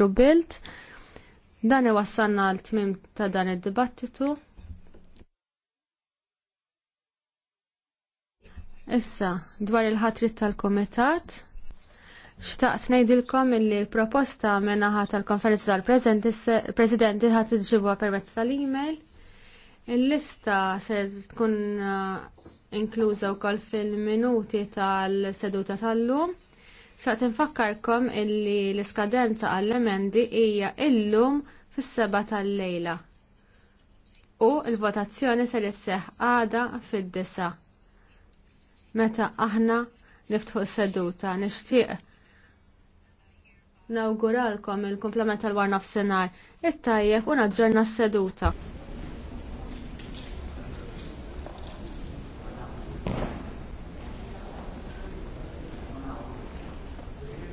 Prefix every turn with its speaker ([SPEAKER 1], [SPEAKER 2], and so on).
[SPEAKER 1] Ministru Bilt. Dan iwassalna l tmim ta' dan id-dibattitu. Issa, dwar il-ħatrit tal-Komitat, xtaqt ngħidilkom illi l-proposta ħat tal-konferenza tal-President ħadd iġibwa permezz tal-email. Il-lista se tkun uh, inkluża wkoll fil-minuti tal-seduta tal-lum. Xaqt infakkarkom illi l-iskadenza għall-emendi hija illum fis-seba tal-lejla. U l-votazzjoni se isseħ għada fid-disa. Meta aħna niftħu s-seduta nixtieq nawguralkom il-komplement tal warnaf senar, it-tajjeb u naġġorna s-seduta.